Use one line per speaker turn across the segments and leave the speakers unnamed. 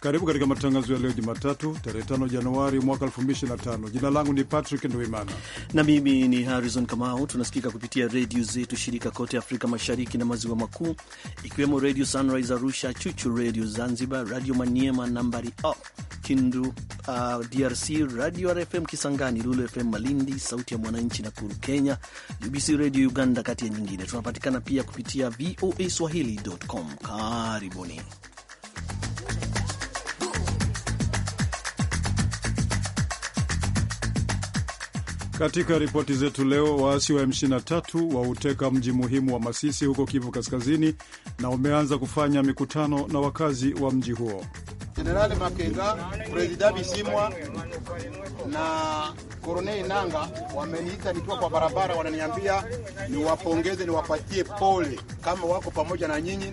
Karibu katika matangazo ya leo Jumatatu, tarehe 5 Januari mwaka 2025. Jina langu
ni Patrick Nduimana na mimi ni Harrison Kamau. Tunasikika kupitia redio zetu shirika kote Afrika Mashariki na Maziwa Makuu, ikiwemo Redio Sunrise Arusha, Chuchu Redio Zanzibar, Radio Maniema nambari o Kindu, uh, DRC, Radio RFM Kisangani, Lulu FM Malindi, Sauti ya Mwananchi Nakuru Kenya, UBC Redio Uganda, kati ya nyingine. Tunapatikana pia kupitia voa swahili.com. Karibuni.
Katika ripoti zetu leo, waasi wa M23 wauteka mji muhimu wa Masisi huko Kivu Kaskazini na umeanza kufanya mikutano na wakazi wa mji huo. Jenerali Makenga, Prezida Bisimwa na Koroneli Nanga wameniita nikiwa kwa barabara, wananiambia niwapongeze, niwapatie pole kama wako pamoja na nyinyi.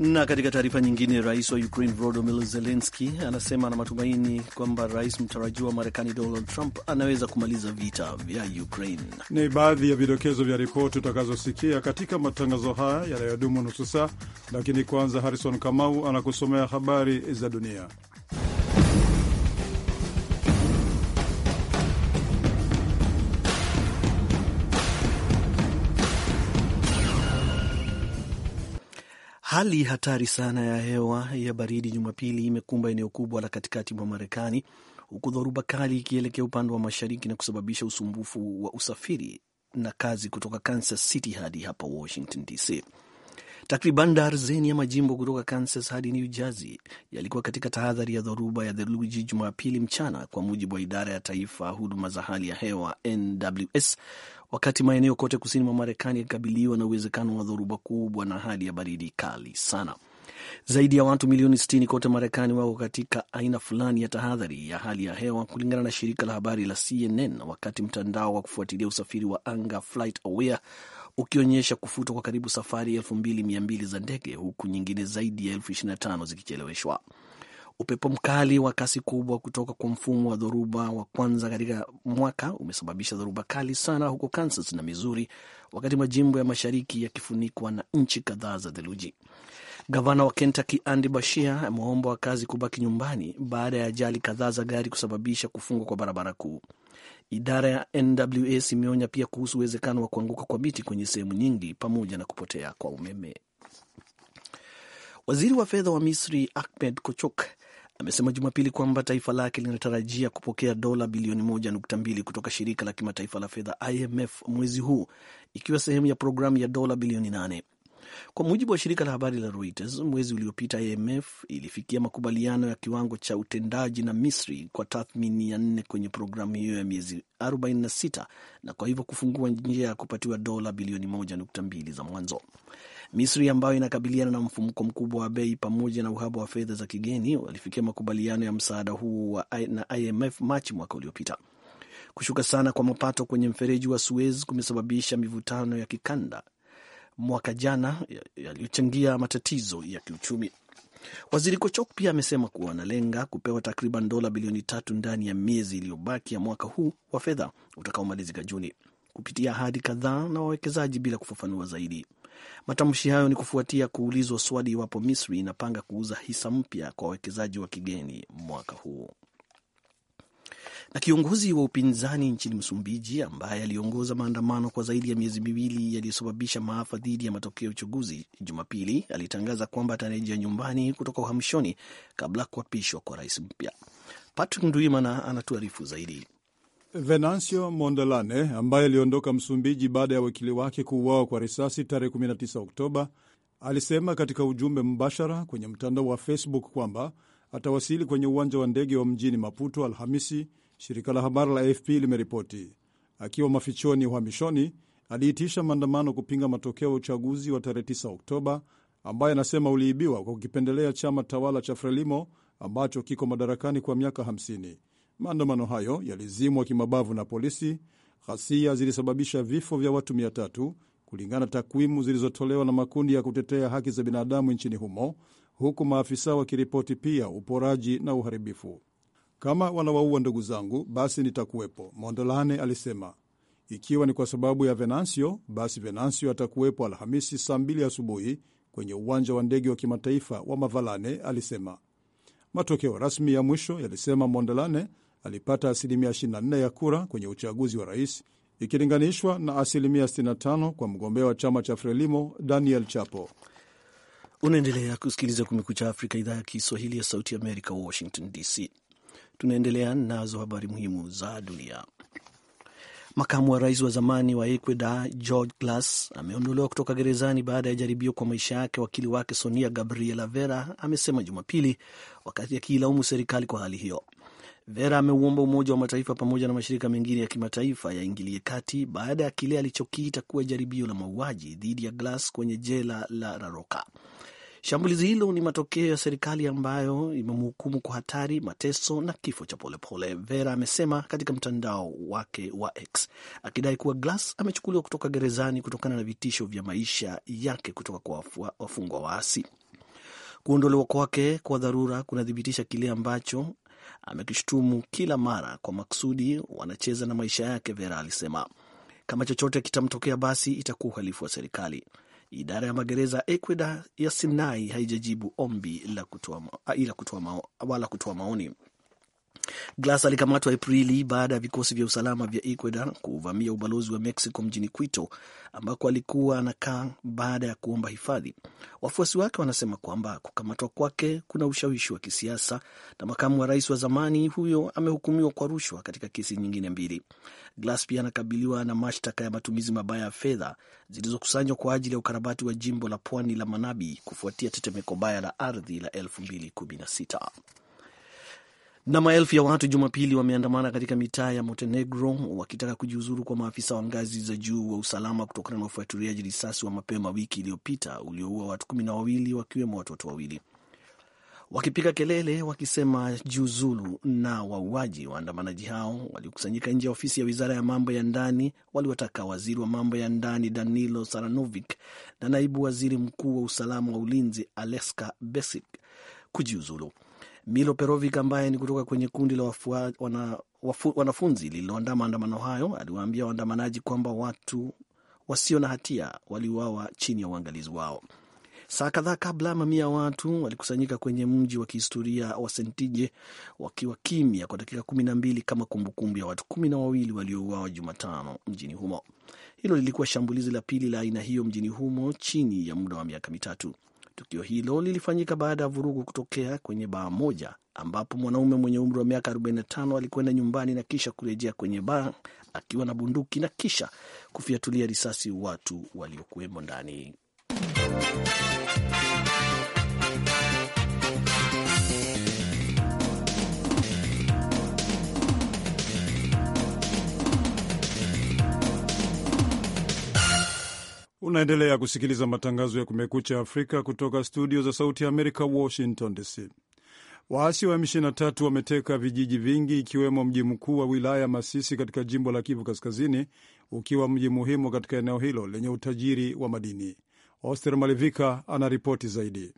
Na katika taarifa nyingine, rais wa Ukraine Volodymyr Zelensky anasema ana matumaini kwamba rais mtarajiwa wa Marekani Donald Trump anaweza kumaliza vita vya Ukraine.
Ni baadhi ya vidokezo vya ripoti utakazosikia katika matangazo haya yanayodumu nusu saa, lakini kwanza, Harrison Kamau anakusomea habari za dunia.
Hali hatari sana ya hewa ya baridi Jumapili imekumba eneo kubwa la katikati mwa Marekani, huku dhoruba kali ikielekea upande wa mashariki na kusababisha usumbufu wa usafiri na kazi kutoka Kansas City hadi hapa Washington DC. Takriban darzeni ya majimbo kutoka Kansas hadi New Jersey yalikuwa katika tahadhari ya dhoruba ya theluji Jumapili mchana, kwa mujibu wa idara ya taifa huduma za hali ya hewa NWS, wakati maeneo kote kusini mwa Marekani yakikabiliwa na uwezekano wa dhoruba kubwa na hali ya baridi kali sana. Zaidi ya watu milioni 60 kote Marekani wako katika aina fulani ya tahadhari ya hali ya hewa, kulingana na shirika la habari la CNN, wakati mtandao wa kufuatilia usafiri wa anga Aware ukionyesha kufutwa kwa karibu safari 2200 za ndege huku nyingine zaidi ya 25 zikicheleweshwa. Upepo mkali wa kasi kubwa kutoka kwa mfumo wa dhoruba wa kwanza katika mwaka umesababisha dhoruba kali sana huko Kansas na Missouri, wakati majimbo ya mashariki yakifunikwa na nchi kadhaa za theluji. Gavana wa Kentucky Andy bashia ameomba wakazi kubaki nyumbani baada ya ajali kadhaa za gari kusababisha kufungwa kwa barabara kuu. Idara ya NWS imeonya pia kuhusu uwezekano wa kuanguka kwa miti kwenye sehemu nyingi pamoja na kupotea kwa umeme. Waziri wa fedha wa Misri Ahmed Kochok amesema Jumapili kwamba taifa lake linatarajia kupokea dola bilioni 1.2 kutoka shirika la kimataifa la fedha IMF mwezi huu ikiwa sehemu ya programu ya dola bilioni nane kwa mujibu wa shirika la habari la Reuters, mwezi uliopita IMF ilifikia makubaliano ya kiwango cha utendaji na Misri kwa tathmini ya nne kwenye programu hiyo ya miezi 46 na kwa hivyo kufungua njia ya kupatiwa dola bilioni 1.2 za mwanzo. Misri ambayo inakabiliana na mfumuko mkubwa wa bei pamoja na uhaba wa fedha za kigeni walifikia makubaliano ya msaada huu na IMF Machi mwaka uliopita. Kushuka sana kwa mapato kwenye mfereji wa Suez kumesababisha mivutano ya kikanda mwaka jana yaliyochangia matatizo ya kiuchumi. Waziri Kochok pia amesema kuwa wanalenga kupewa takriban dola bilioni tatu ndani ya miezi iliyobaki ya mwaka huu wa fedha utakaomalizika Juni kupitia ahadi kadhaa na wawekezaji bila kufafanua zaidi. Matamshi hayo ni kufuatia kuulizwa swali iwapo Misri inapanga kuuza hisa mpya kwa wawekezaji wa kigeni mwaka huu na kiongozi wa upinzani nchini Msumbiji ambaye aliongoza maandamano kwa zaidi ya miezi miwili yaliyosababisha maafa dhidi ya matokeo ya uchaguzi, Jumapili alitangaza kwamba atarejea nyumbani kutoka uhamishoni kabla ya kuapishwa kwa rais mpya. Patrick Nduimana anatuarifu zaidi.
Venancio mondelane ambaye aliondoka Msumbiji baada ya wakili wake kuuawa kwa risasi tarehe 19 Oktoba alisema katika ujumbe mbashara kwenye mtandao wa Facebook kwamba atawasili kwenye uwanja wa ndege wa mjini Maputo Alhamisi shirika la habari la AFP limeripoti. Akiwa mafichoni uhamishoni, aliitisha maandamano kupinga matokeo ya uchaguzi wa tarehe 9 Oktoba ambaye anasema uliibiwa kwa kukipendelea chama tawala cha Frelimo ambacho kiko madarakani kwa miaka 50. Maandamano hayo yalizimwa kimabavu na polisi. Ghasia zilisababisha vifo vya watu 300 kulingana na takwimu zilizotolewa na makundi ya kutetea haki za binadamu nchini humo, huku maafisa wakiripoti pia uporaji na uharibifu. Kama wanawaua ndugu zangu, basi nitakuwepo, Mondolane alisema. Ikiwa ni kwa sababu ya Venancio, basi Venancio atakuwepo Alhamisi saa mbili asubuhi kwenye uwanja wa ndege wa kimataifa wa Mavalane, alisema. Matokeo rasmi ya mwisho yalisema Mondolane alipata asilimia 24 ya kura kwenye uchaguzi wa rais ikilinganishwa na asilimia 65 kwa mgombea wa chama cha Frelimo
Daniel Chapo. Unaendelea kusikiliza Kumekucha Afrika, idhaa ya Kiswahili ya Sauti ya Amerika, Washington DC. Tunaendelea nazo habari muhimu za dunia. Makamu wa rais wa zamani wa Ecuador George Glass ameondolewa kutoka gerezani baada ya jaribio kwa maisha yake, wakili wake Sonia Gabriela Vera amesema Jumapili, wakati akiilaumu serikali kwa hali hiyo. Vera ameuomba Umoja wa Mataifa pamoja na mashirika mengine ya kimataifa yaingilie kati baada ya kile alichokiita kuwa jaribio la mauaji dhidi ya Glass kwenye jela la Raroka. Shambulizi hilo ni matokeo ya serikali ambayo imemhukumu kwa hatari, mateso na kifo cha polepole, Vera amesema katika mtandao wake wa X, akidai kuwa Glass amechukuliwa kutoka gerezani kutokana na vitisho vya maisha yake kutoka kwa wafungwa waasi. Kuondolewa kwake kwa dharura kunathibitisha kile ambacho amekishutumu kila mara, kwa makusudi wanacheza na maisha yake, Vera alisema. Kama chochote kitamtokea, basi itakuwa uhalifu wa serikali. Idara ya magereza Ecuador ya Sinai haijajibu ombi la kutoa wala kutoa maoni. Glass alikamatwa Aprili baada ya vikosi vya usalama vya Ecuador kuvamia ubalozi wa Mexico mjini Quito ambako alikuwa anakaa baada ya kuomba hifadhi. Wafuasi wake wanasema kwamba kukamatwa kwake kuna ushawishi wa kisiasa, na makamu wa rais wa zamani huyo amehukumiwa kwa rushwa katika kesi nyingine mbili. Glass pia anakabiliwa na mashtaka ya matumizi mabaya ya fedha zilizokusanywa kwa ajili ya ukarabati wa jimbo la pwani la Manabi kufuatia tetemeko baya la ardhi la 2016. Na maelfu ya watu Jumapili wameandamana katika mitaa ya Montenegro wakitaka kujiuzuru kwa maafisa wa ngazi za juu wa usalama kutokana na ufuatiliaji risasi wa mapema wiki iliyopita ulioua watu kumi na wawili wakiwemo watoto wawili. Wakipiga kelele wakisema jiuzulu na wauaji, waandamanaji hao waliokusanyika nje ya ofisi ya wizara ya mambo ya ndani waliwataka waziri wa mambo ya ndani Danilo Saranovic na naibu waziri mkuu wa usalama wa ulinzi Aleska Besik kujiuzulu. Milo Perovic ambaye ni kutoka kwenye kundi la wafua, wana, wafu, wanafunzi lililoandaa maandamano hayo aliwaambia waandamanaji kwamba watu wasio na hatia waliuawa chini ya uangalizi wao. Saa kadhaa kabla, mamia ya watu walikusanyika kwenye mji wa kihistoria wa Sentije wakiwa kimya kwa dakika kumi na mbili kama kumbukumbu ya watu kumi na wawili waliouawa Jumatano mjini humo. Hilo lilikuwa shambulizi la pili la aina hiyo mjini humo chini ya muda wa miaka mitatu. Tukio hilo lilifanyika baada ya vurugu kutokea kwenye baa moja ambapo mwanaume mwenye umri wa miaka 45 alikwenda nyumbani na kisha kurejea kwenye baa akiwa na bunduki na kisha kufiatulia risasi watu waliokuwemo ndani.
Unaendelea kusikiliza matangazo ya Kumekucha Afrika kutoka studio za Sauti ya Amerika, Washington DC. Waasi wa M23 wameteka vijiji vingi ikiwemo mji mkuu wa wilaya Masisi katika jimbo la Kivu Kaskazini, ukiwa mji muhimu katika eneo hilo lenye utajiri wa madini. Oster Malivika anaripoti zaidi.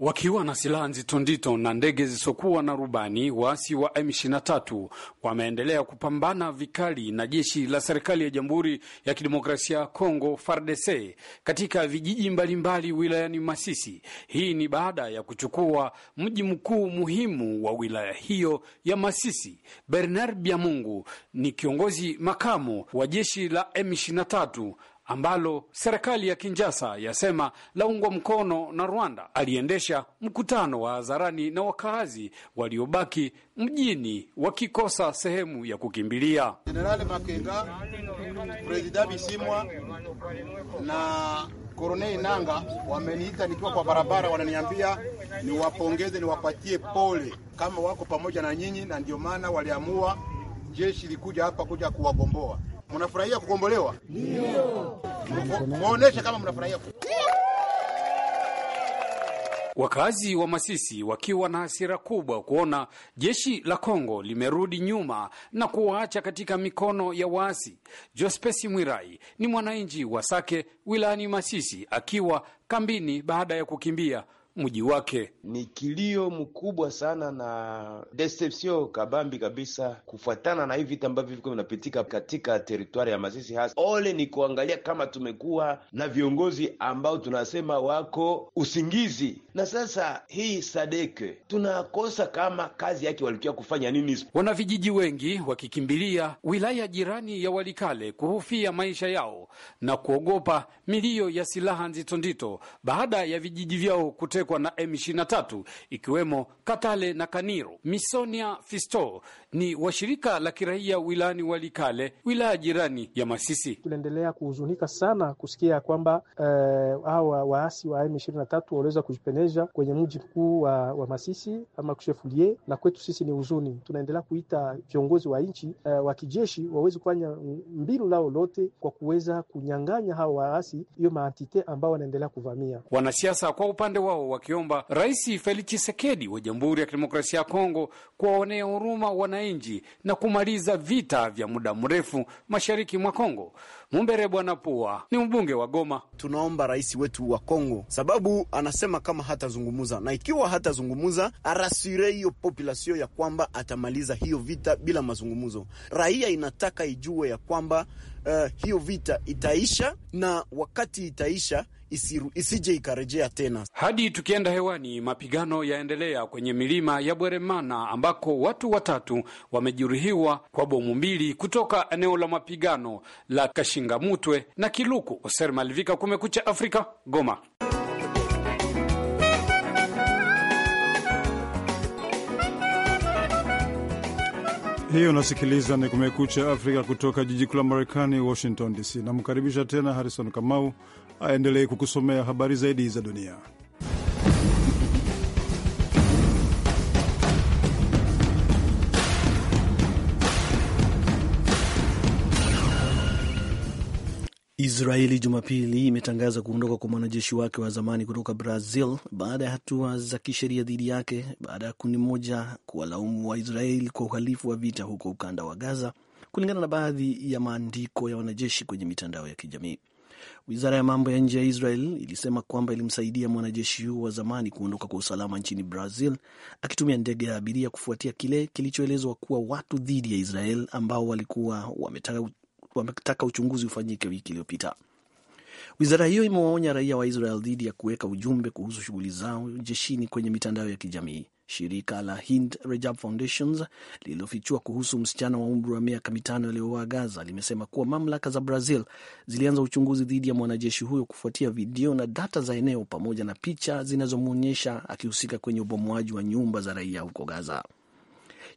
Wakiwa na silaha nzito nzito na ndege zisizokuwa na rubani, waasi wa M23 wameendelea kupambana vikali na jeshi la serikali ya Jamhuri ya Kidemokrasia ya Kongo FARDC katika vijiji mbalimbali wilayani Masisi. Hii ni baada ya kuchukua mji mkuu muhimu wa wilaya hiyo ya Masisi. Bernard Byamungu ni kiongozi makamu wa jeshi la M23 ambalo serikali ya Kinjasa yasema laungwa mkono na Rwanda. Aliendesha mkutano wa hadharani na wakaazi waliobaki mjini wakikosa sehemu ya kukimbilia.
Jenerali
Makenga, Presida Bisimwa na koronei Nanga wameniita nikiwa kwa barabara, wananiambia niwapongeze, niwapatie
pole kama wako pamoja na nyinyi, na ndio maana waliamua jeshi likuja hapa kuja
kuwagomboa Mnafurahia kukombolewa? Ndio. Muoneshe kama mnafurahia.
Wakazi wa Masisi wakiwa na hasira kubwa kuona jeshi la Kongo limerudi nyuma na kuwaacha katika mikono ya waasi. Jospesi Mwirai ni mwananchi wa Sake wilayani Masisi akiwa kambini baada ya kukimbia mji wake. Ni kilio mkubwa sana
na deception kabambi kabisa, kufuatana na hii vita ambavyo viko vinapitika katika teritwari ya Masisi. Hasa ole ni kuangalia kama tumekuwa na viongozi ambao
tunasema wako usingizi, na sasa hii Sadeke tunakosa kama kazi yake walikia kufanya nini? Wanavijiji wengi wakikimbilia wilaya jirani ya Walikale kuhofia maisha yao na kuogopa milio ya silaha nzito nzito baada ya vijiji vyao kutekwa kumekuwa na M23 ikiwemo Katale na Kaniro. Misonia Fisto ni washirika la kiraia wilayani Walikale, wilaya jirani ya Masisi.
Tunaendelea kuhuzunika sana kusikia kwamba eh, hawa waasi wa M23 waliweza kujipeneza kwenye mji mkuu wa, wa Masisi ama kushefulie, na kwetu sisi ni huzuni. Tunaendelea kuita viongozi wa nchi uh, wa kijeshi waweze kufanya mbinu lao lote kwa kuweza kunyang'anya hawa waasi hiyo maantite ambao wanaendelea kuvamia.
Wanasiasa kwa upande wao wakiomba Rais Felix Tshisekedi wa Jamhuri ya Kidemokrasia ya Kongo kuwaonea huruma wananchi na kumaliza vita vya muda mrefu mashariki mwa Kongo. Mumbere Bwana Pua ni mbunge wa Goma. Tunaomba rais
wetu wa Kongo sababu anasema kama hatazungumuza, na ikiwa hatazungumuza arasire hiyo populasio ya kwamba atamaliza hiyo vita bila mazungumzo. Raia inataka ijue ya kwamba uh, hiyo vita itaisha, na wakati itaisha isiru, isije ikarejea tena.
Hadi tukienda hewani, mapigano yaendelea kwenye milima ya Bweremana ambako watu watatu wamejeruhiwa kwa bomu mbili kutoka eneo la mapigano la Kashingamutwe na Kiluku. Oser Malivika, Kumekucha Afrika, Goma.
hiyo unasikiliza ni Kumekucha Afrika kutoka jiji kuu la Marekani, Washington DC. Namkaribisha tena Harrison Kamau aendelee kukusomea habari zaidi za dunia.
Israeli Jumapili imetangaza kuondoka kwa mwanajeshi wake wa zamani kutoka Brazil baada ya hatua za kisheria dhidi yake baada ya kundi moja kuwalaumu Waisraeli kwa uhalifu wa vita huko ukanda wa Gaza, kulingana na baadhi ya maandiko ya wanajeshi kwenye mitandao ya kijamii. Wizara ya mambo ya nje ya Israel ilisema kwamba ilimsaidia mwanajeshi huo wa zamani kuondoka kwa usalama nchini Brazil akitumia ndege ya abiria kufuatia kile kilichoelezwa kuwa watu dhidi ya Israel ambao walikuwa wametaka wametaka uchunguzi ufanyike wiki iliyopita. Wizara hiyo imewaonya raia wa Israel dhidi ya kuweka ujumbe kuhusu shughuli zao jeshini kwenye mitandao ya kijamii. Shirika la Hind Rejab Foundations lililofichua kuhusu msichana wa umri wa miaka mitano aliyouawa Gaza limesema kuwa mamlaka za Brazil zilianza uchunguzi dhidi ya mwanajeshi huyo kufuatia video na data za eneo pamoja na picha zinazomwonyesha akihusika kwenye ubomoaji wa nyumba za raia huko Gaza.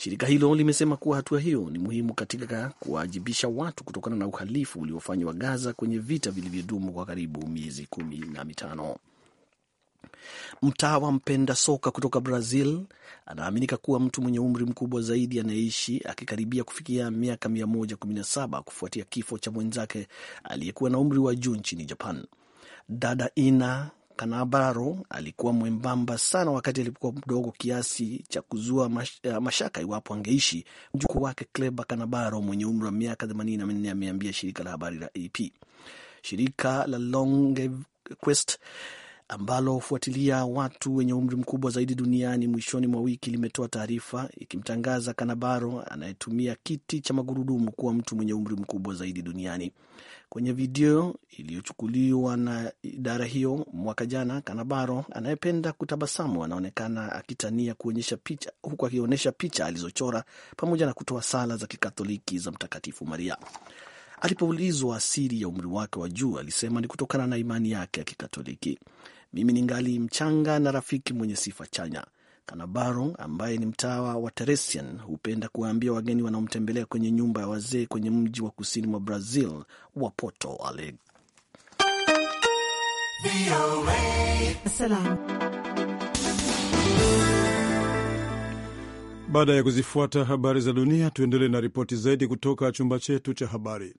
Shirika hilo limesema kuwa hatua hiyo ni muhimu katika kuwaajibisha watu kutokana na uhalifu uliofanywa Gaza kwenye vita vilivyodumu kwa karibu miezi kumi na mitano. Mtaa wa mpenda soka kutoka Brazil anaaminika kuwa mtu mwenye umri mkubwa zaidi anayeishi akikaribia kufikia miaka 117 kufuatia kifo cha mwenzake aliyekuwa na umri wa juu nchini Japan. Dada Ina Kanabaro alikuwa mwembamba sana wakati alipokuwa mdogo kiasi cha kuzua mash, uh, mashaka iwapo angeishi. Mjukuu wake Cleba Kanabaro mwenye umri wa miaka 84 ameambia shirika la habari la AP. Shirika la LongeQuest ambalo hufuatilia watu wenye umri mkubwa zaidi duniani mwishoni mwa wiki limetoa taarifa ikimtangaza Kanabaro anayetumia kiti cha magurudumu kuwa mtu mwenye umri mkubwa zaidi duniani. Kwenye video iliyochukuliwa na idara hiyo mwaka jana, Kanabaro anayependa kutabasamu anaonekana akitania kuonyesha picha, huku akionyesha picha alizochora pamoja na kutoa sala za Kikatoliki za Mtakatifu Maria. Alipoulizwa asiri ya umri wake wa juu, alisema ni kutokana na imani yake ya Kikatoliki. Mimi ni ngali mchanga na rafiki mwenye sifa chanya kanabaro ambaye ni mtawa wa Teresian hupenda kuwaambia wageni wanaomtembelea kwenye nyumba ya wazee kwenye mji wa kusini mwa Brazil wa Porto Alegre.
Baada ya kuzifuata habari za dunia, tuendelee na ripoti zaidi kutoka chumba chetu cha habari.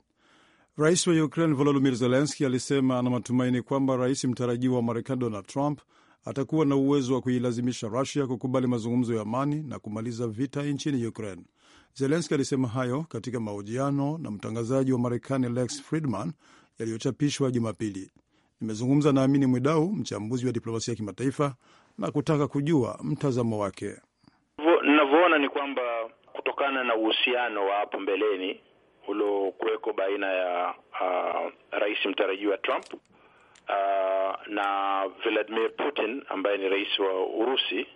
Rais wa Ukraine Volodymyr Zelenski alisema ana matumaini kwamba rais mtarajiwa wa Marekani Donald Trump atakuwa na uwezo wa kuilazimisha Rusia kukubali mazungumzo ya amani na kumaliza vita nchini Ukraine. Zelenski alisema hayo katika mahojiano na mtangazaji wa Marekani Lex Friedman yaliyochapishwa Jumapili. Nimezungumza na Amini Mwidau, mchambuzi wa diplomasia ya kimataifa, na kutaka kujua mtazamo wake.
Ninavyoona ni kwamba kutokana na uhusiano wa hapo mbeleni uliokuweko baina ya uh, rais mtarajiwa Trump uh, na Vladimir Putin ambaye ni rais wa Urusi,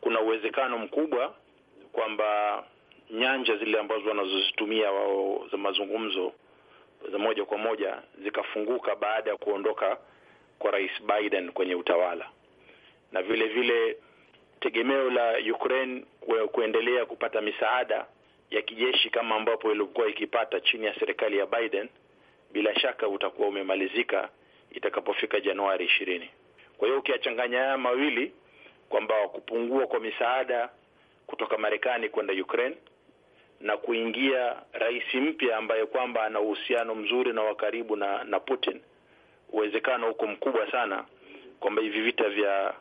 kuna uwezekano mkubwa kwamba nyanja zile ambazo wanazozitumia wao za mazungumzo za moja kwa moja zikafunguka baada ya kuondoka kwa Rais Biden kwenye utawala, na vile vile tegemeo la Ukraine kuendelea kupata misaada ya kijeshi kama ambapo ilikuwa ikipata chini ya serikali ya Biden, bila shaka utakuwa umemalizika itakapofika Januari ishirini. Kwa hiyo ukiyachanganya haya mawili kwamba kupungua kwa misaada kutoka Marekani kwenda Ukraine na kuingia rais mpya ambaye kwamba ana uhusiano mzuri na wa karibu na, na Putin, uwezekano huko mkubwa sana kwamba hivi vita vya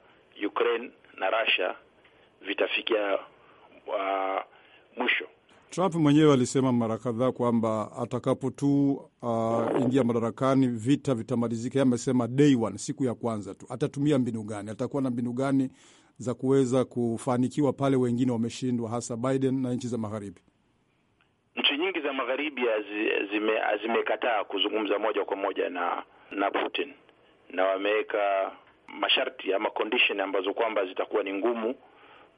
Ukraine na Russia vitafikia
uh, mwisho. Trump mwenyewe alisema mara kadhaa kwamba atakapo tu uh, ah, ingia madarakani vita vitamalizika. Amesema day one, siku ya kwanza tu. Atatumia mbinu gani? Atakuwa na mbinu gani za kuweza kufanikiwa pale wengine wameshindwa, hasa Biden na nchi za magharibi?
Nchi nyingi za magharibi zimekataa kuzungumza moja kwa moja na na Putin na wameweka masharti ama condition ambazo kwamba zitakuwa ni ngumu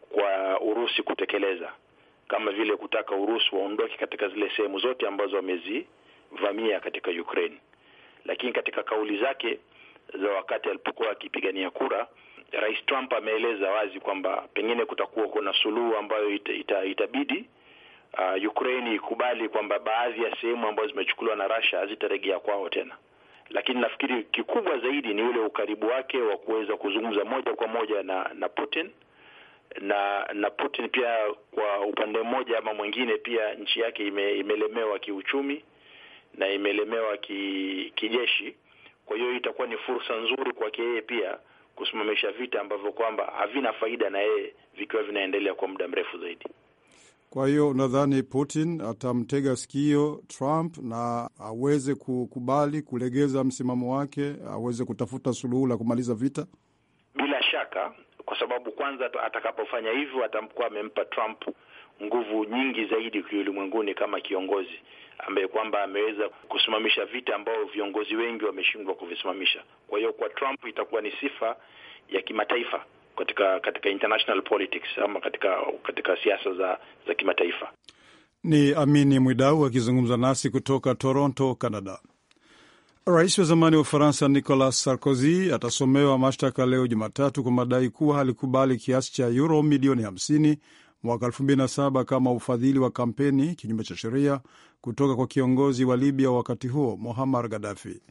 kwa Urusi kutekeleza kama vile kutaka Urusi waondoke katika zile sehemu zote ambazo wamezivamia katika Ukraine. Lakini katika kauli zake za wakati alipokuwa akipigania kura, Rais Trump ameeleza wazi kwamba pengine kutakuwa kuna suluhu ambayo ita, ita, itabidi uh, Ukraine ikubali kwamba baadhi ya sehemu ambazo zimechukuliwa na Russia hazitarejea kwao tena. Lakini nafikiri kikubwa zaidi ni ule ukaribu wake wa kuweza kuzungumza moja kwa moja na, na Putin na na Putin pia kwa upande mmoja ama mwingine, pia nchi yake ime, imelemewa kiuchumi na imelemewa ki, kijeshi. Kwa hiyo itakuwa ni fursa nzuri kwake yeye pia kusimamisha vita ambavyo kwamba havina faida na yeye vikiwa vinaendelea kwa muda mrefu zaidi.
Kwa hiyo unadhani Putin atamtega sikio Trump na aweze kukubali kulegeza msimamo wake, aweze kutafuta suluhu la kumaliza vita?
Bila shaka kwa sababu kwanza atakapofanya hivyo atakuwa amempa Trump nguvu nyingi zaidi ulimwenguni kama kiongozi ambaye kwamba ameweza kusimamisha vita ambao viongozi wengi wameshindwa kuvisimamisha. Kwa hiyo kwa Trump itakuwa ni sifa ya kimataifa katika katika international politics ama katika katika siasa za, za kimataifa.
Ni Amini Mwidau akizungumza nasi kutoka Toronto, Canada. Rais wa zamani wa Ufaransa Nicolas Sarkozy atasomewa mashtaka leo Jumatatu kwa madai kuwa alikubali kiasi cha euro milioni 50 mwaka 2007 kama ufadhili wa kampeni kinyume cha sheria kutoka kwa kiongozi wa Libya wakati huo muhammar Gaddafi.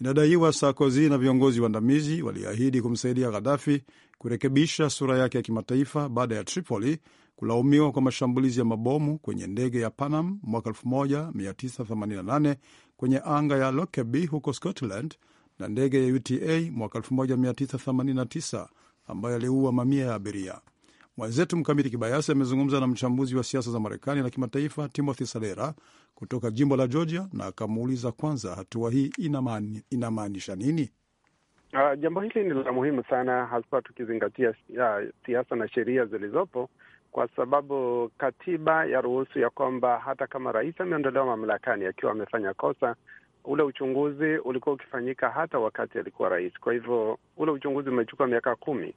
Inadaiwa Sarkozy na viongozi waandamizi waliahidi kumsaidia Gaddafi kurekebisha sura yake ya kimataifa baada ya Tripoli kulaumiwa kwa mashambulizi ya mabomu kwenye ndege ya Panam mwaka 1988 kwenye anga ya Lockerbie huko Scotland na ndege ya UTA mwaka 1989 ambayo aliua mamia ya abiria. Mwenzetu Mkamiti Kibayasi amezungumza na mchambuzi wa siasa za Marekani na kimataifa Timothy Salera kutoka jimbo la Georgia na akamuuliza kwanza, hatua hii inamaanisha nini?
Uh, jambo hili ni la muhimu sana, haswa tukizingatia ah, siasa na sheria zilizopo kwa sababu katiba ya ruhusu ya kwamba hata kama rais ameondolewa mamlakani akiwa amefanya kosa, ule uchunguzi ulikuwa ukifanyika hata wakati alikuwa rais. Kwa hivyo ule uchunguzi umechukua miaka kumi,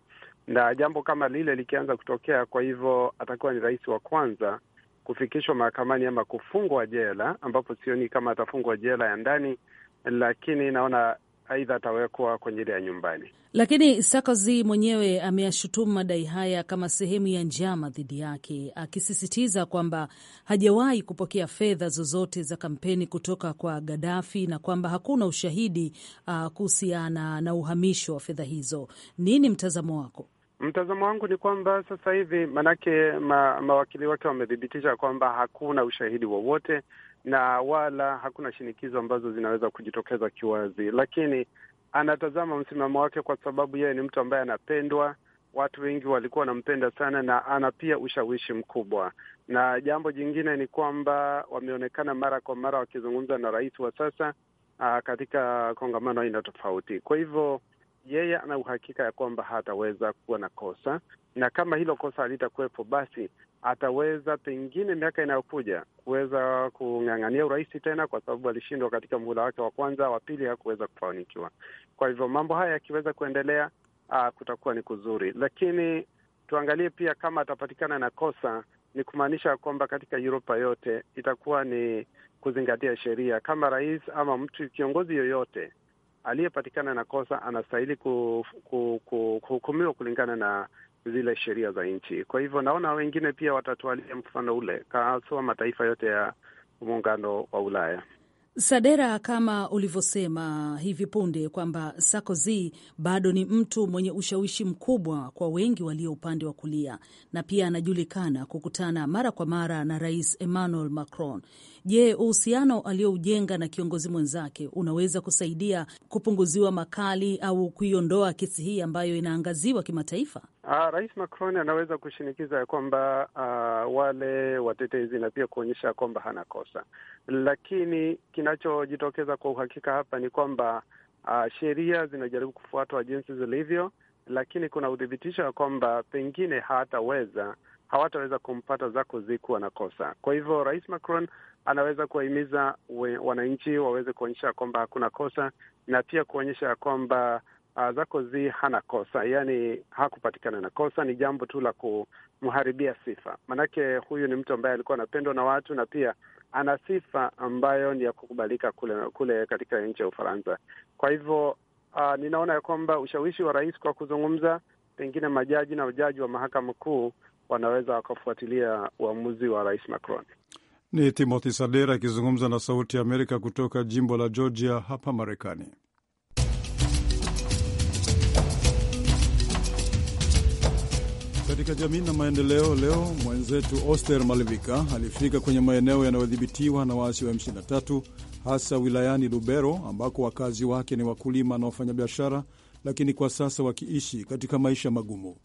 na jambo kama lile likianza kutokea, kwa hivyo atakuwa ni rais wa kwanza kufikishwa mahakamani ama kufungwa jela, ambapo sioni kama atafungwa jela ya ndani, lakini naona aidha atawekwa kwenye ile ya nyumbani.
Lakini Sarkozy mwenyewe ameyashutumu madai haya kama sehemu ya njama dhidi yake, akisisitiza kwamba hajawahi kupokea fedha zozote za kampeni kutoka kwa Gaddafi na kwamba hakuna ushahidi uh, kuhusiana na uhamisho wa fedha hizo. Nini mtazamo wako?
Mtazamo wangu ni kwamba sasa hivi, manake ma, mawakili wake wamethibitisha kwamba hakuna ushahidi wowote na wala hakuna shinikizo ambazo zinaweza kujitokeza kiwazi, lakini anatazama msimamo wake kwa sababu yeye ni mtu ambaye anapendwa watu wengi walikuwa wanampenda sana na ana pia ushawishi mkubwa. Na jambo jingine ni kwamba wameonekana mara kwa mara wakizungumza na rais wa sasa ah, katika kongamano aina tofauti. Kwa hivyo yeye ana uhakika ya kwamba hataweza kuwa na kosa, na kama hilo kosa halitakuwepo, basi ataweza pengine miaka inayokuja kuweza kung'ang'ania urais tena, kwa sababu alishindwa katika muhula wake wa kwanza, wa pili hakuweza kufanikiwa. Kwa hivyo mambo haya yakiweza kuendelea, aa, ah, kutakuwa ni kuzuri, lakini tuangalie pia kama atapatikana na kosa ni kumaanisha kwamba katika Uropa yote itakuwa ni kuzingatia sheria. Kama rais ama mtu kiongozi yoyote aliyepatikana na kosa anastahili kuhukumiwa kulingana na zile sheria za nchi. Kwa hivyo naona wengine pia watatualia mfano ule, kaswa mataifa yote ya muungano wa Ulaya.
Sadera, kama ulivyosema hivi punde kwamba Sarkozy bado ni mtu mwenye ushawishi mkubwa kwa wengi walio upande wa kulia, na pia anajulikana kukutana mara kwa mara na Rais Emmanuel Macron. Je, uhusiano alioujenga na kiongozi mwenzake unaweza kusaidia kupunguziwa makali au kuiondoa kesi hii ambayo inaangaziwa kimataifa?
Uh, Rais Macron anaweza kushinikiza ya kwamba uh, wale watetezi na pia kuonyesha kwamba hana kosa, lakini kinachojitokeza kwa uhakika hapa ni kwamba uh, sheria zinajaribu kufuatwa jinsi zilivyo, lakini kuna uthibitisho ya kwamba pengine hataweza hawataweza kumpata zako zikuwa na kosa. Kwa hivyo Rais Macron anaweza kuwahimiza wananchi waweze kuonyesha kwamba hakuna kosa na pia kuonyesha kwamba uh, ah, Sarkozy hana kosa, yaani hakupatikana na kosa, ni jambo tu la kumharibia sifa. Maanake huyu ni mtu ambaye alikuwa anapendwa na watu na pia ana sifa ambayo ni ya kukubalika kule, kule katika nchi ya Ufaransa. Kwa hivyo uh, ninaona ya kwamba ushawishi wa rais kwa kuzungumza, pengine majaji na wajaji wa mahakama kuu wanaweza wakafuatilia uamuzi wa rais Macron.
Ni Timothy Sadera akizungumza na Sauti ya Amerika kutoka jimbo la Georgia hapa Marekani. Katika jamii na maendeleo, leo mwenzetu Oster Malivika alifika kwenye maeneo yanayodhibitiwa na waasi wa M23 hasa wilayani Lubero ambako wakazi wake ni wakulima na wafanyabiashara, lakini kwa sasa wakiishi katika maisha magumu.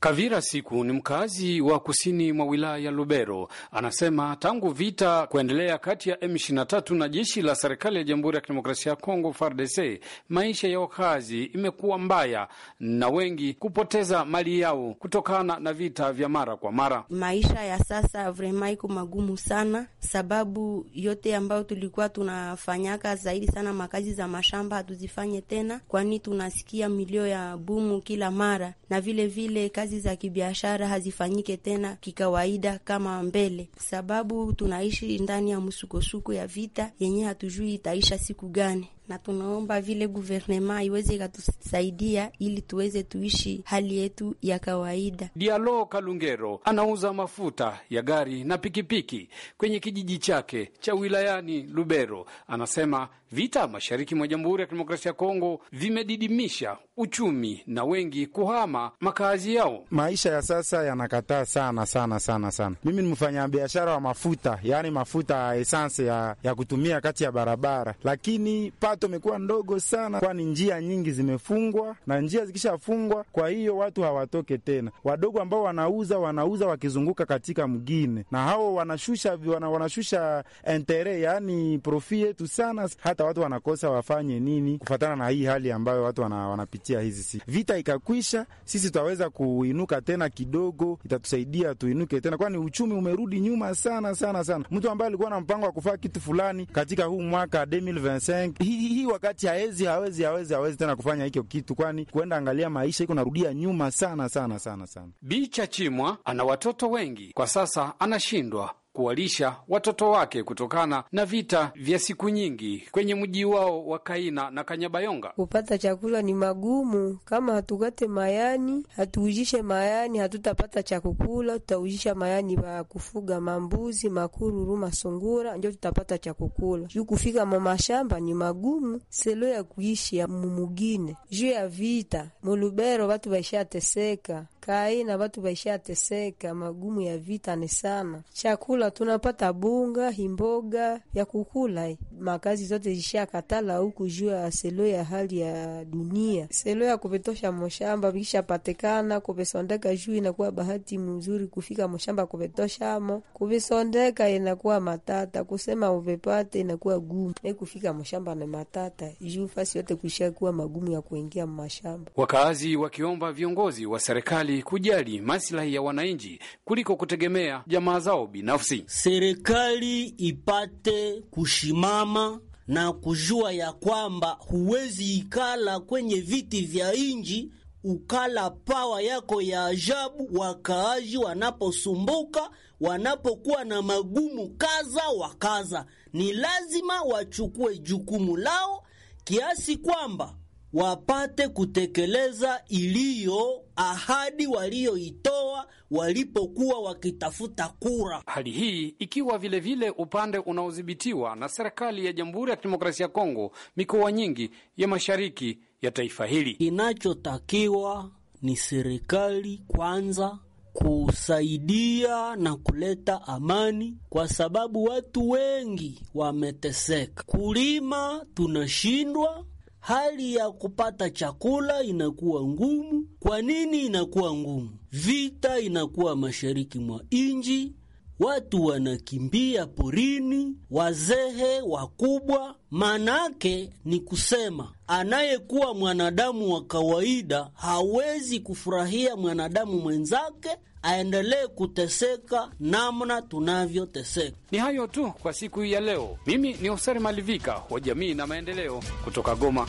Kavira Siku ni mkazi wa kusini mwa wilaya ya Lubero. Anasema tangu vita kuendelea kati ya M23 na jeshi la serikali ya Jamhuri ya Kidemokrasia ya Kongo FARDC, maisha ya wakazi imekuwa mbaya na wengi kupoteza mali yao kutokana na vita vya mara kwa mara.
Maisha ya sasa vrema iko magumu sana, sababu yote ambayo tulikuwa tunafanyaka zaidi sana makazi za mashamba hatuzifanye tena, kwani tunasikia milio ya bumu kila mara na vilevile vile kazi kazi za kibiashara hazifanyike tena kikawaida kama mbele, sababu tunaishi ndani ya msukosuko ya vita yenye hatujui itaisha siku gani na tunaomba vile guvernema iweze ikatusaidia ili tuweze tuishi hali yetu ya kawaida.
Dialo Kalungero anauza mafuta ya gari na pikipiki kwenye kijiji chake cha wilayani Lubero. Anasema vita mashariki mwa Jamhuri ya Kidemokrasia ya Kongo vimedidimisha uchumi na wengi kuhama makazi
yao. Maisha ya sasa yanakataa sana sana sana sana. Mimi ni biashara wa mafuta, yaani mafuta ya esanse ya, ya kutumia kati ya barabara, lakini pat mapato imekuwa ndogo sana, kwani njia nyingi zimefungwa, na njia zikishafungwa, kwa hiyo watu hawatoke tena. Wadogo ambao wanauza wanauza wakizunguka katika mgine, na hao wanashusha wana, wanashusha entere, yani profi yetu sana, hata watu wanakosa wafanye nini kufatana na hii hali ambayo watu wana, wanapitia hizi si. Vita ikakwisha, sisi tutaweza kuinuka tena kidogo, itatusaidia tuinuke tena, kwani uchumi umerudi nyuma sana sana sana. Mtu ambaye alikuwa na mpango wa kufaa kitu fulani katika huu mwaka 2025 hii hii wakati hawezi hawezi hawezi hawezi tena kufanya hicho kitu, kwani kuenda angalia maisha iko narudia nyuma sana sana sana sana.
Bicha Chimwa ana watoto wengi kwa sasa, anashindwa kuwalisha watoto wake kutokana na vita vya siku nyingi kwenye mji wao wa Kaina na Kanyabayonga.
Kupata chakula ni magumu, kama hatukate mayani, hatuujishe mayani, hatutapata chakukula Tutaujisha mayani ba kufuga mambuzi, makururu, masungura, ndio tutapata chakukula Juu kufika mamashamba ni magumu, selo ya kuishi ya mumugine juu ya vita mulubero, watu waishateseka kai na batu baisha teseka, magumu ya vita ni sana. Chakula tunapata bunga himboga ya kukula, makazi zote zisha katala huku juu ya selo ya hali ya dunia. Selo ya kupetosha moshamba bisha patekana, kupesondeka juu inakuwa bahati mzuri kufika moshamba kupetoshamo, kuvisondeka inakuwa matata, kusema uvepate inakuwa gumu, e kufika moshamba na matata juu fasi yote kuisha kuwa magumu ya kuingia mashamba.
Wakaazi wakiomba viongozi wa serikali kujali maslahi ya wananchi kuliko kutegemea jamaa zao binafsi. Serikali ipate kushimama
na kujua ya kwamba huwezi ikala kwenye viti vya inji ukala pawa yako ya ajabu. Wakaaji wanaposumbuka, wanapokuwa na magumu kaza wa kaza ni lazima wachukue jukumu lao kiasi kwamba wapate kutekeleza
iliyo ahadi waliyoitoa walipokuwa wakitafuta kura. Hali hii ikiwa vilevile vile upande unaodhibitiwa na serikali ya Jamhuri ya Kidemokrasia ya Kongo, mikoa nyingi ya mashariki ya taifa hili. Kinachotakiwa ni serikali kwanza kusaidia
na kuleta amani, kwa sababu watu wengi wameteseka. Kulima tunashindwa hali ya kupata chakula inakuwa ngumu. Kwa nini inakuwa ngumu? Vita inakuwa mashariki mwa nji watu wanakimbia porini, wazehe wakubwa. Manake ni kusema anayekuwa mwanadamu wa kawaida hawezi kufurahia mwanadamu mwenzake aendelee kuteseka
namna tunavyoteseka. Ni hayo tu kwa siku hii ya leo. Mimi ni Hoseri Malivika wa Jamii na Maendeleo kutoka Goma.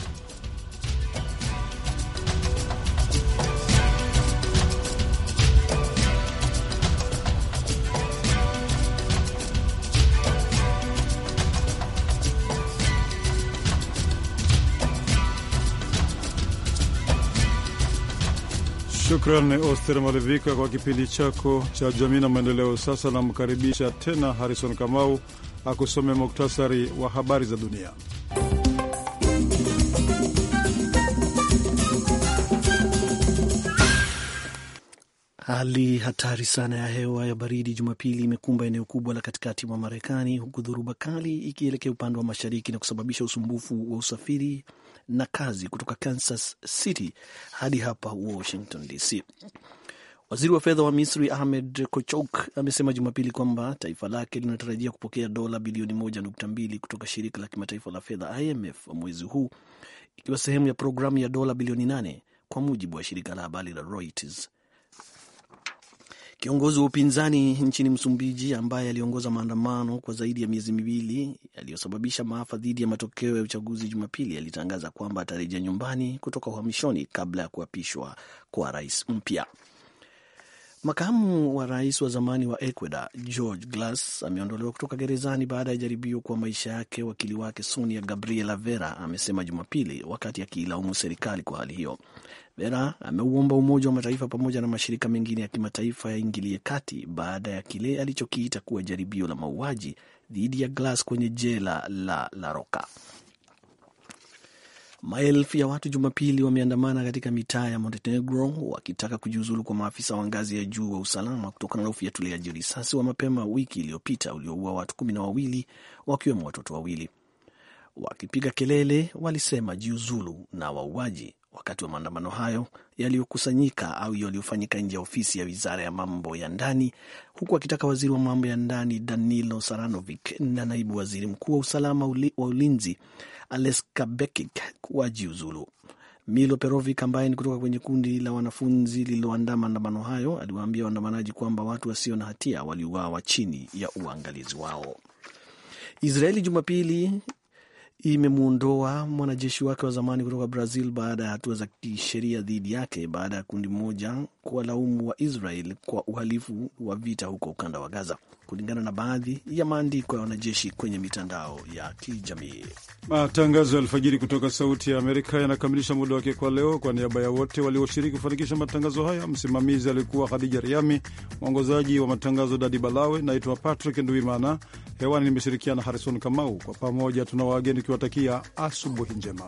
Shukran Oster Malivika kwa kipindi chako cha jamii na maendeleo. Sasa namkaribisha tena Harrison Kamau akusome muktasari wa habari za dunia.
Hali hatari sana ya hewa ya baridi Jumapili imekumba eneo kubwa la katikati mwa Marekani, huku dhoruba kali ikielekea upande wa mashariki na kusababisha usumbufu wa usafiri na kazi kutoka Kansas City hadi hapa Washington DC. Waziri wa fedha wa Misri Ahmed Kochouk amesema Jumapili kwamba taifa lake linatarajia kupokea dola bilioni moja nukta mbili kutoka shirika la kimataifa la fedha IMF mwezi huu ikiwa sehemu ya programu ya dola bilioni nane kwa mujibu wa shirika la habari la Reuters. Kiongozi wa upinzani nchini Msumbiji ambaye aliongoza maandamano kwa zaidi ya miezi miwili yaliyosababisha maafa dhidi ya matokeo ya uchaguzi Jumapili alitangaza kwamba atarejea nyumbani kutoka uhamishoni kabla ya kuapishwa kwa rais mpya. Makamu wa rais wa zamani wa Ecuador George Glass ameondolewa kutoka gerezani baada ya jaribio kwa maisha yake, wakili wake Sonia Gabriela Vera amesema Jumapili wakati akiilaumu serikali kwa hali hiyo. Vera ameuomba Umoja wa Mataifa pamoja na mashirika mengine ya kimataifa yaingilie kati baada ya kile alichokiita kuwa jaribio la mauaji dhidi ya glas kwenye jela la La Roka. Maelfu ya watu Jumapili wameandamana katika mitaa ya Montenegro wakitaka kujiuzulu kwa maafisa wa ngazi ya juu wa usalama kutokana na ufiatuliaji risasi wa mapema wiki iliyopita ulioua watu kumi na wawili wakiwemo watoto wawili. Wakipiga kelele, walisema jiuzulu na wauaji wakati wa maandamano hayo yaliyokusanyika au yaliyofanyika nje ya ofisi ya wizara ya mambo ya ndani, huku akitaka waziri wa mambo ya ndani Danilo Saranovic na naibu waziri mkuu wa usalama wa ulinzi Aleska Bekik wajiuzulu. Milo Perovic ambaye ni kutoka kwenye kundi la wanafunzi lililoandaa maandamano hayo aliwaambia waandamanaji kwamba watu wasio na hatia waliuawa chini ya uangalizi wao. Israeli Jumapili imemwondoa mwanajeshi wake wa zamani kutoka Brazil baada ya hatua za kisheria dhidi yake baada ya kundi moja kuwalaumu wa Israel kwa uhalifu wa vita huko ukanda wa Gaza, kulingana na baadhi ya maandiko ya wanajeshi kwenye mitandao ya kijamii.
Matangazo ya alfajiri kutoka Sauti ya Amerika yanakamilisha muda wake kwa leo. Kwa niaba ya wote walioshiriki kufanikisha matangazo haya, msimamizi alikuwa Khadija Riami, mwongozaji wa matangazo Dadi Balawe. Naitwa Patrick Nduimana, hewani nimeshirikiana Harrison Kamau. Kwa pamoja tuna wageni ukiwatakia asubuhi njema.